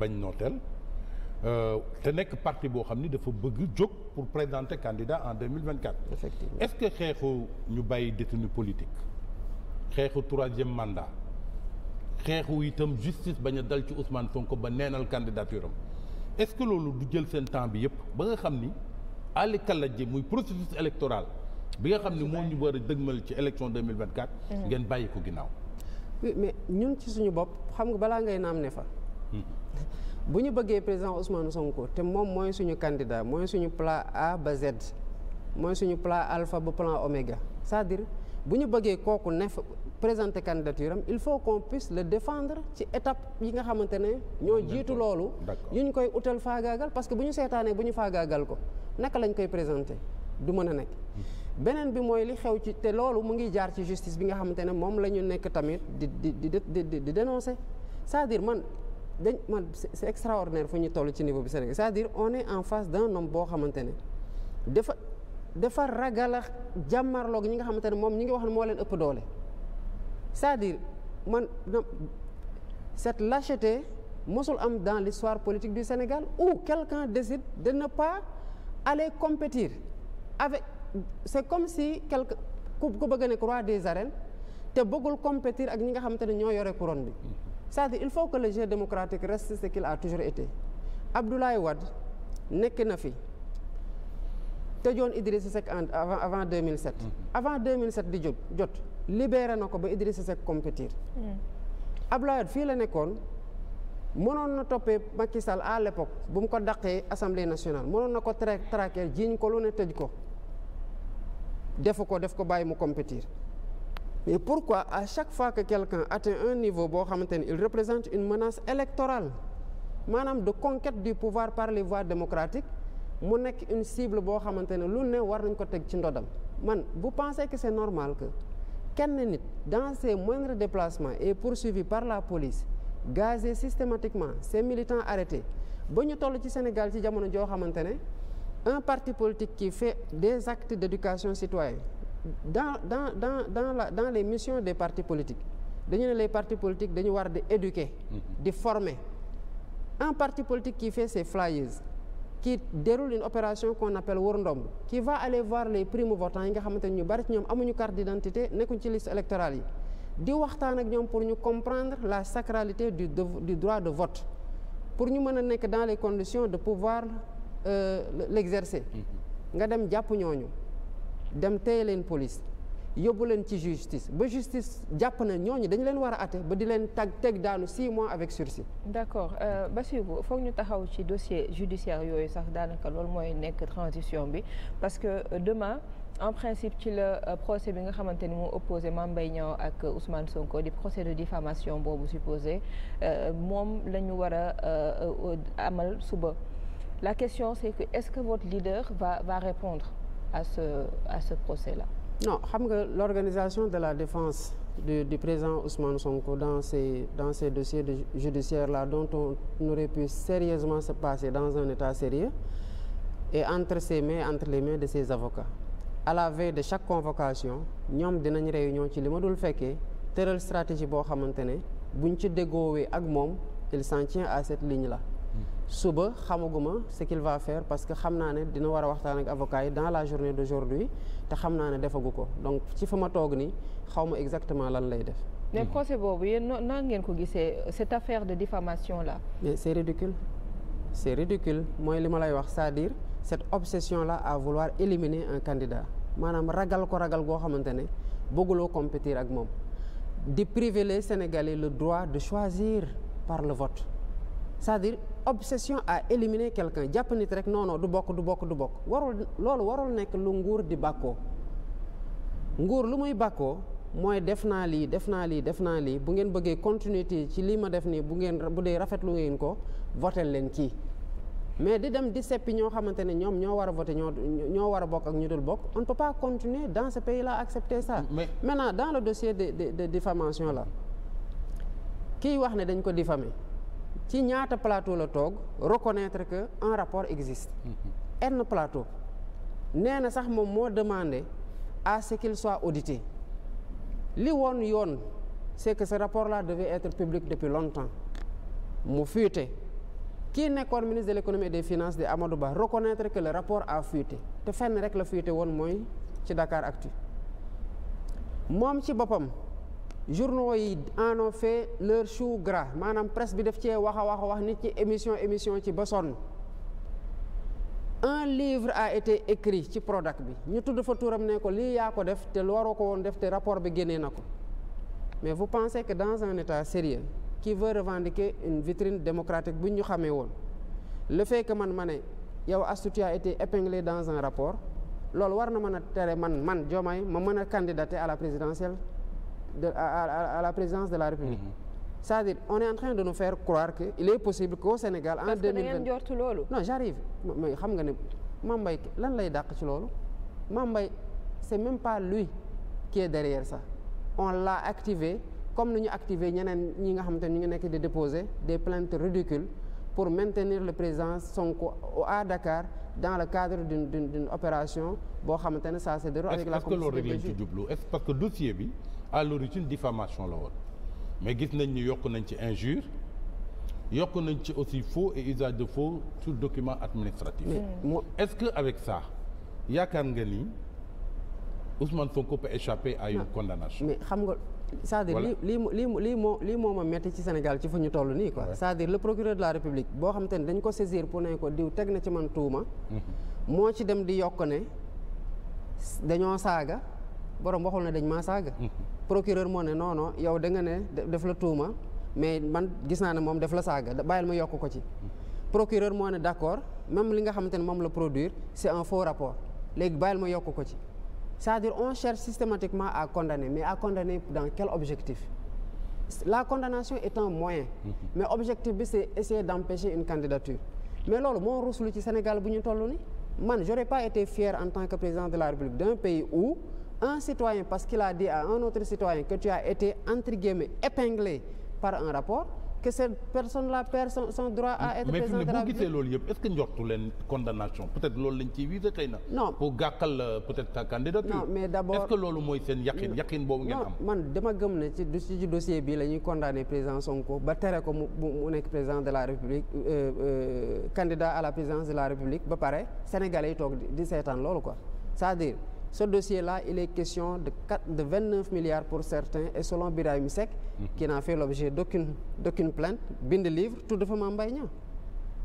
bañ nooteel euh, te nekk parti boo xam ni dafa bëgg jóg pour présenter candidat en 2024 effectivement est-ce que xeexu ñu bàyyi détenu politique xeexu troisième mandat xeexu itam justice bañ a dal ci Ousmane Sonko ba neenal candidature am est-ce que loolu du jël seen temps bi yëpp ba nga xam ni àlli kallajje muy processus électoral bi nga xam ni moo ñu war a dëgmal ci élection 2024 mm-hmm. ngeen bàyyi ko ginnaaw mais ñun ci suñu bopp xam nga balaa ngay naam ne fa bu ñu bëggee président Ousmane Sonko te moom mooy suñu candidat mooy suñu plan A ba Z mooy suñu plan alpha ba plan oméga c'est-à-dire bu ñu bëggee kooku ne présenter candidature am il faut qu'on puisse le défendre ci étape yi nga xamante ne ñoo jiitu loolu yu ñu koy utal fagaagal parce que bu ñu seetaanee bu ñu faagaagal ko naka lañu koy présenter du mën a nekk hmm. beneen bi mooy li xew ci te loolu mu ngi jaar ci justice bi nga xamante ne moom la ñu nekk tamit di di di di dénoncer c'est-à-dire man dañ man c'est extraordinaire fu ñu toll ci niveau bi Sénégal c'est-à-dire on est en face d'un nom boo xamante ne dafa dafa ragal a jàmmarloog ñi nga xamante ne moom ñi ngi wax ne moo leen ëpp doole c'est-à-dire man cette lâcheté mosul am dans l'histoire politique du Sénégal où quelqu'un décide de ne pas aller compétir avec c'est comme si quelque ku bëgg a nekk roi des arènes te bëggul compétir ak ñi nga xamante ne ñoo yore couronne bi c'est-à-dire il faut que le jeu démocratique reste ce qu'il a toujours été Abdoulaye Wade nekk na fi tëjoon Idrissa Seck en avant avant 2007. Mm-hmm. avant 2007 di jot jot libéré na ko ba Idrissa Seck compétir. Mm. Abdoulaye Wade fii la nekkoon mënoon na toppee Macky Sall à l'époque bu mu ko daqee assemblée nationale mënoon na ko tra traquer jiiñ ko lu ne tëj ko defu ko def ko bàyyi mu compétir. mais pourquoi à chaque fois que quelqu'un atteint un niveau boo xamante ne il représente une menace électorale maanaam de conquête du pouvoir par les voies démocratiques mu nekk une cible boo xamante ne lu ne war nañ ko teg ci ndodam man bu pensez que c'est normal que kenn nit dans ses moindres déplacements est poursuivi par la police gazé systématiquement ces militants arrêtés ba ñu toll ci Sénégal ci jamono joo xamante ne un parti politique qui fait des actes d'éducation citoyenne dans dans dans dans la dans les missions des partis politiques dañu ne les partis politiques dañu war di éduquer. Mhm. di former un parti politique qui fait ses flyers qui déroule une opération qu'on appelle wër ndomb qui va aller voir les primo-votants yi nga xamante ne ñu bari ci ñoom amuñu carte d'identité nekkuñ ci liste électorale yi di waxtaan ak ñoom pour ñu comprendre la sacralité du du droit de vote pour ñu mën a nekk dans les conditions de pouvoir euh, l'exercer mhm. nga dem jàpp dem téye leen police yóbbu leen ci justice ba justice jàpp na ñooñu dañu leen war a ba di leen tag teg daanu six mois avec sursis. d'accord euh, Bassirou foog ñu taxaw ci dossier judiciaire yooyu sax daanaka loolu mooy nekk transition bi parce que euh, demain. en principe ci la euh, procès bi nga xamante ni moo opposé Mame Mbaye Niang ak Ousmane Sonko di procès de diffamation boobu supposé euh, moom la ñu war a amal suba la question c'est que est-ce que votre leader va va répondre à ce à ce procès-là non xam nga l'organisation de la défense du du président Ousmane Sonko dans ces dans ces dossiers de judiciaires là dont on aurait pu sérieusement se passer dans un état sérieux et entre ses mains entre les mains de ses avocats à la veille de chaque convocation ñoom dinañ réunion ci li ma dul fekkee tëral stratégie boo xamante ne buñ ci déggoowee ak moom il s'en tient à cette ligne la suba xamaguma ce qu'il va faire parce que xam naa ne dina war a waxtaan ak avocat yi dans la journée d'aujourd'hui te xam naa ne defagu ko donc ci fa ma toog nii xaw ma exactement lan lay def. mais mhm. procès boobu yéen naa ngeen ko gisee cette affaire de diffamation là. mais c'est ridicule c'est ridicule mooy li ma lay wax saa à dire cette obsession là à vouloir éliminer un candidat maanaam ragal ko ragal goo xamante ne bëgguloo compétir ak moom di priver les Sénégalais le droit de choisir par le vote. c'est-à-dire obsession à éliminer quelqu'un jàpp nit rek noonoo du bokk du bokk du bokk warul loolu warul nekk lu nguur di bàkkoo nguur lu muy bàkkoo mooy def naa lii def naa lii def naa lii bu ngeen bëggee continuité ci lii ma def nii bu ngeen bu dee rafet lu ngeen ko vote leen kii mais di dem di seppi ñoo xamante ne ñoom ñoo war a voté ñoo ñoo war a bokk ak ñu dul bokk on ne peut continuer dans ce pays là accepter ça. mais maintenant dans le dossier de de de diffamation la kii wax ne dañ ko diffamer. ci ñaata plateau la toog reconnaître que un rapport existe mm-hmm. n plateau nee na sax moom moo demandé à ce qu'il soit audité li woon yoon c'est que ce rapport là devait être public depuis longtemps mu fuité kii nekkoon ministre de l'économie et des finances di Amadou Ba reconnaître que le rapport a fuité te fenn rek la fuité woon mooy ci Dakar Actu moom ci boppam journaux yi en ont fait leur chou gras maanaam presse bi def cee wax a wax a wax nit ci émission émission ci ba sonn un livre a été écrit ci Prodac bi ñu tudd fa turam ne ko lii yaa ko def te waroo ko woon def te rapport bi génne na ko mais vous pensez que dans un état sérieux qui veut revendiquer une vitrine démocratique bu ñu xamee woon le fait que man ma ne yow Astou a été épinglé dans un rapport loolu war na mën a tere man man Diomaye ma mën a candidater à la présidentielle de, à, à, la présidence de la République. Mm -hmm. cest dire on est en train de nous faire croire que il est possible qu'au Sénégal en deux mille vingt jortu loolu. non j'arrive mais xam nga ne ma mbay lan lay dàq ci loolu Mame Mbaye c'est même pas lui qui est derrière ça on l'a activé comme ni ñu activé ñeneen ñi nga xam te ñu ngi nekk di déposer des plaintes ridicules pour maintenir le son Sonko à Dakar dans le cadre d'une d'une opération boo xamante ne ça se déroule avec la commission de jublu est parce que dossier bi à l'origine diffamation la woon mais gis nañ ni yokk nañ ci injure yokk nañ ci aussi faux et usage de faux sur document administratif mm. oui. est-ce que avec ça yaakaar nga ni Ousmane Sonko peut échapper à une non. condamnation mais xam nga c'est-à-dire lii lii lii lii moo lii moo ma metti ci Sénégal ci fu ñu toll nii quoi c'est-à-dire le procureur de la République boo xam te ne dañ ko saisir pour ne ko diw teg na ci man tuuma mm-hmm. moo ci dem di yokk ne dañoo saaga borom waxul ne dañ maa saaga mm-hmm. procureur moo ne non yow da nga ne def la tuuma mais man gis naa ne moom def la saaga bàyyil ma yokk ko ci. procureur moo ne d' accord même li nga xamante ne moom la produire c' un faux rapport léegi bàyyil ma yokk ko ci c' est à dire on cherche systématiquement à condamner mais a condamner dans quel objectif. la condamnation est un moyen. Mm-hmm. mais objectif bi c' est essayer d' empêcher une candidature. mais loolu moo ruslu ci Sénégal bu ñu toll ni man j'aurais pas été fier tant que président de la République un citoyen parce qu'il a dit à un autre citoyen que tu as été entre guillemets épinglé par un rapport que cette personne la perd son, son droit à être président de la République mais loolu yëpp est que njortu leen condamnation peut-être loolu lañ ciy visé xëy na. Euh, d'abord est que loolu mooy seen yaqin yaqin boobu ngeen am. man dama gëm ne ci ci dossier bi la ñuy président Sonko ba tere ko mu mu nekk président de la République euh, euh, candidat à la présidence de la République ba pare sénégalais yi toog di seetaan loolu ko cest dire ce dossier-là, il est question de, 4, de 29 milliards pour certains, et selon Birahim Sek, mmh. qui n'a fait l'objet d'aucune plainte, bin de livre, tout de fait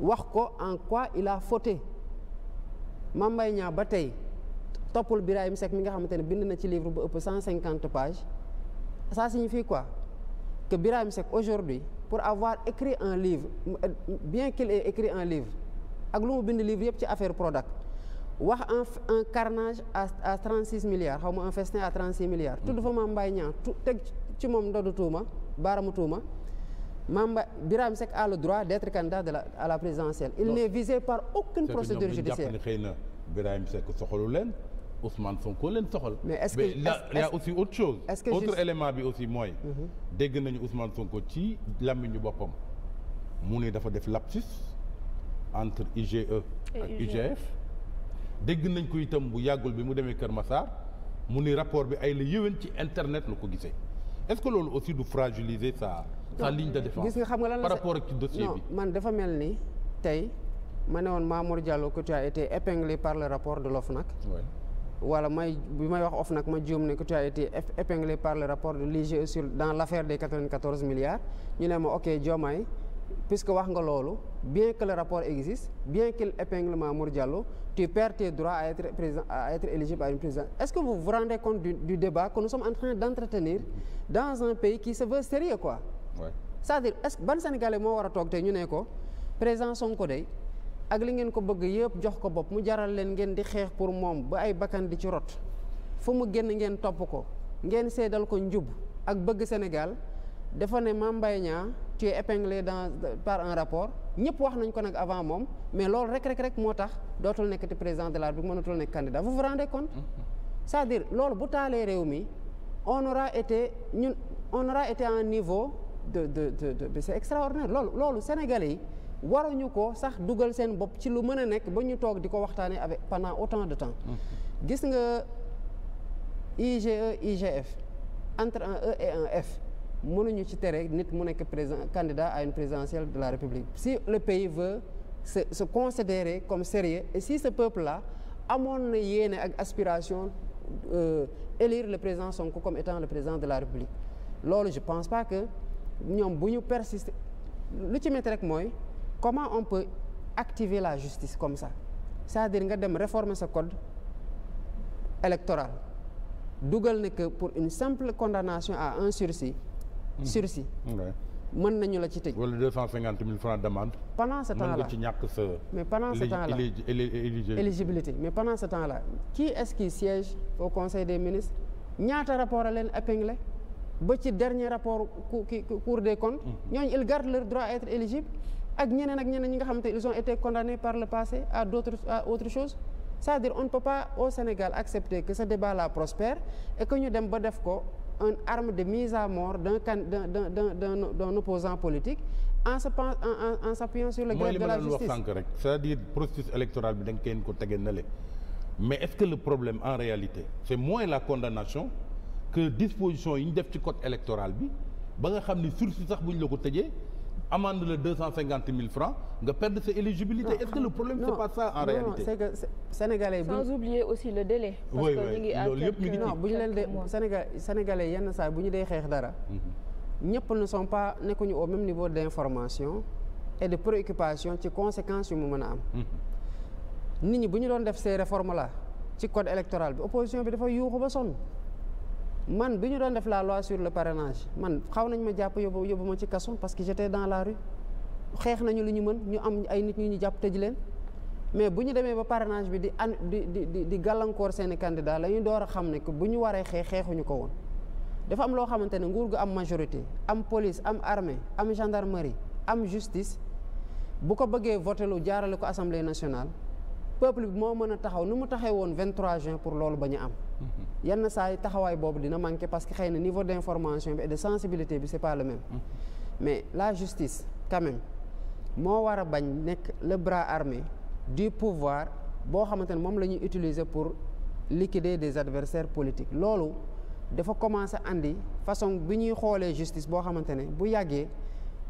wax ko en quoi il a fauté Mambaïna, bataille, topul Birahim Sek, mi nga xamantene bind na ci livre bu ëpp 150 pages. Ça signifie quoi Que Birahim Sek aujourd'hui, pour avoir écrit un livre, euh, bien qu'il ait écrit un livre, ak lu mu bind livre yëpp ci affaire Prodac. wax un un carnage à à trente six milliards xaw ma un à trente six milliards. tudd fa Mame Mbaye Niang teg ci moom ndodu tuuma baaramu tuuma Mame Mbaye Birame Seck a le droit d' être de la à la présidentielle. il n' est visé par aucune procédure judiciaire c'est que ñoom ñu jàpp ne leen Ousmane Sonko leen soxal. mais est ce que est ce que autre bi aussi mooy. Mhm. dégg nañu Ousmane Sonko ci làmmiñu boppam mu ne dafa def lapsus entre IGE ak UGF. dégg nañ ko itam bu yàggul bi mu demee Kër ma Massar mu ni rapport bi ay la yéwén ci internet la ko gisee est-ce loolu aussi du fragiliser sa sa ligne de défense gis nga xam nga lan la par rapport ak ci dossier bi man dafa mel ni tey ma ne woon Mamour Diallo que tu as été épinglé par le rapport de nag wala may bi may wax OFNAC ma juum ne que tu as été épinglé par rapport de l'IGE sur dans l'affaire des 94 milliards ñu ne ma ok Diomaye puisque wax nga loolu bien que le rapport existe bien qu'il épingle Mamour Diallo tu perds tes droits à être président à être éligible à une présidence est-ce que vous vous rendez compte du, débat que nous sommes en train dans un pays qui se veut sérieux quoi ouais. dire est-ce que ban Sénégalais moo war a toog tey ñu ne ko président Sonko day ak li ngeen ko bëgg yëpp jox ko bopp mu jaral leen ngeen di xeex pour moom ba ay bakkan di ci rot fu mu génn ngeen topp ko ngeen seedal ko njub ak bëgg Sénégal tu es épinglé dans par un rapport ñëpp wax nañ ko nag avant moom mais loolu rek rek rek moo tax dootul nekkati président de la République mënatul nekk candidat vous vous rendez compte mm-hmm. cest dire loolu bu taalee réew mi on aura été ñun on été à un niveau de de de de extraordinaire loolu loolu Sénégalais yi waruñu ko sax dugal seen bopp ci lu mën a nekk ba ñu toog di ko waxtaanee avec pendant autant de temps mm-hmm. gis nga IGE IGF entre un E F mënuñu ci tere nit mu nekk président candidat à une présidentielle de la République si le pays veut se se considérer comme sérieux et si ce peuple là amoon na yéene ak aspiration euh, élire le président Sonko comme étant le président de la République loolu je pense pas que ñoom bu ñu persister lu ci métti rek mooy comment on peut activer la justice comme ça c'est-à-dire nga dem réformer sa code électoral dugal ne que pour une simple condamnation à un sursis Mm. sursis. mën nañu la ci tëj. wala deux cent cinquante mille francs d'amende. pendant ce temps là mën nga ci ñàkk sa. mais pendant temps là éligibilité mais pendant ce temps là qui est-ce qui siège au conseil des ministres ñaata rapport a leen épinglé ba ci dernier rapport cour cour des comptes. Mm. ñooñu ils gardent leur droit à être éligible ak ñeneen ak ñeneen ñi nga xamante ils ont été condamnés par le passé à d'autres à autre chose cest dire on ne peut au Sénégal accepter que ce débat là prospère et ñu dem ba def ko. une arme de mise à mort d'un can d'un d'un d'un d'un opposant politique en se pen en en s'appuyant sur le greffe de la justice mooy li ma rek c'est-à-dire processus électoral bi da nga koy ko tege na le mais est-ce que le problème en réalité c'est moins la condamnation que disposition yi ñu def ci code électoral bi ba nga xam ni sursis sax bu ñu la ko tëjee. amende la deux cent cinquante mille francs nga perdre sa éligibilité est que le problème c'est pas ça en non, aussi le délai parce yëpp mi ngi bu ñu leen de sénégal sénégalais yenn saa bu ñu dee xeex dara mhm. ñëpp ne sont pas nekkuñu au même niveau d'information et de préoccupation ci conséquences yu mu mën am mhm. nit ñi bu ñu doon def ces réformes la ci code électoral bi opposition bi dafa yuuxu ba sonn man bi ñu doon def la loi sur le parrainage man xaw nañ ma jàpp yóbbu yóbbu ma ci kaso parce que j'étais dans la rue xeex nañu lu ñu mën ñu am ay nit ñu ñu jàpp tëj leen mais bu ñu demee ba parenage bi di an di di di gàllankoor seeni candidat la ñu door a xam ne que bu ñu waree xeex xeexuñu ko woon dafa am loo xamante ne nguur gu am majorité am police am armée am gendarmerie am justice bu ko bëggee voté lu jaarale ko assemblée nationale peuple bi moo mën a taxaw nu mu taxee woon 23 juin pour loolu ba ñu am yenn saa yi taxawaay boobu dina manqué parce que xëy na niveau d' information bi et de sensibilité bi c' est mm-hmm. mais la justice quand moo war a bañ nekk le bras armé du pouvoir boo xamante ne moom la ñuy utiliser pour liquider des adversaires politiques loolu dafa commencé indi façon bi ñuy xoolee justice boo xamante ne bu yàggee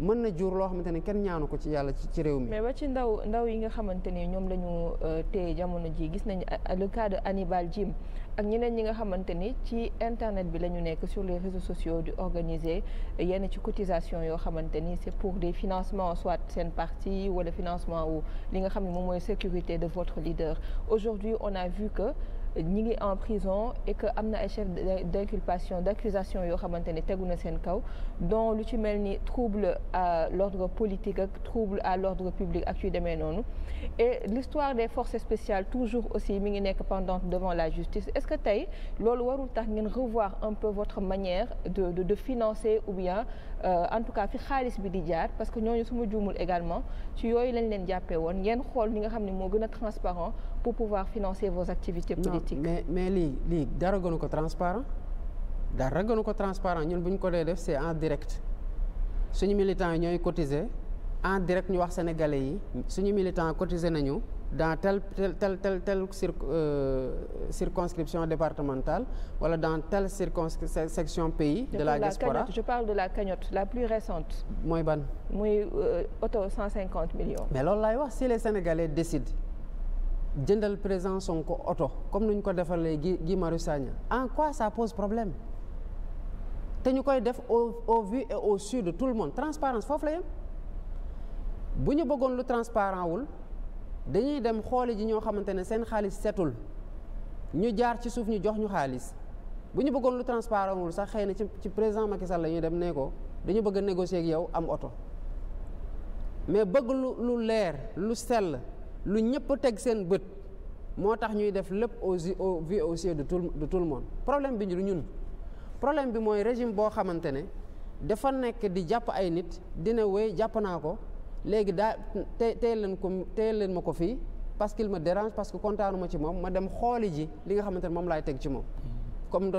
mën na jur loo xamante ne kenn ñaanu ko ci yàlla ci réew mi. mais ba ci ndaw ndaw yi nga xamante ne ñoom la ñu euh, téye jamono ji gis nañu euh, le cas de Hannibal Djim ak ñeneen ñi nga xamante ni ci internet bi la ñu nekk sur les réseaux sociaux di organiser yenn ci cotisation yoo xamante ni c'est pour des financements soit seen parti wala financement wu li nga xam ne moom mooy sécurité de votre leader aujourd'hui on a vu que ñi ngi en prison et que am na ay chefs d'inculpation d'accusation yoo xamante ne tegu na seen kaw dont lu ci mel ni trouble à l'ordre politique ak trouble à l'ordre public ak yu demee noonu et l'histoire des forces spéciales toujours aussi ngi nekk pendante devant la justice est que tey loolu warul tax ngeen revoir un peu votre manière de de, de financer ou bien euh, en tout cas fi xaalis bi di jaar parce que ñooñu su ma juumul également ci yooyu lañ leen jàppee woon ngeen xool li nga xam ne moo gën a transparent pour pouvoir financer vos activités politiques. Non, mais mais lii lii dara gënu ko transparent dara gënu ko transparent ñun bu ñu ko dee def c'est en direct suñu militants yi ñooy cotiser en direct ñu wax sénégalais yi suñu militants cotiser nañu. dans telle telle telle telle, telle cir euh, circonscription départementale wala dans telle circonscription section pays. de, de la diaspora la cagnotte, je parle de la cagnotte la plus récente. mooy ban. muy auto euh, 150 millions. mais loolu laay wax si les Sénégalais décident jëndal président Sonko auto comme ni ñu ko defalee Guy Guy Marius Sagna en quoi ça pose problème te ñu koy def au au vu et au su de tout le monde transparence foofu la bu ñu bëggoon lu transparent wul. dañuy dem xooli ji ñoo xamante ne seen xaalis setul ñu jaar ci suuf ñu jox ñu xaalis bu ñu bëggoon lu transparent wul sax xëy na ci président Macky Sall la ñuy dem ne dañu bëgg a négocier ak yow am oto mais bëgg lu leer lu sell lu ñëpp teg seen bët moo tax ñuy def lépp au au vu au de tout de tout le problème bi du ñun problème bi mooy régime boo xamante ne dafa nekk di jàpp ay nit dina wéy jàpp naa ko léegi daa te teel leen ko teel leen ma ko fii parce qu'il ma dérange parce que kontaanuma ci moom ma dem xooli ji li nga xamante ne moom laay teg ci moom comme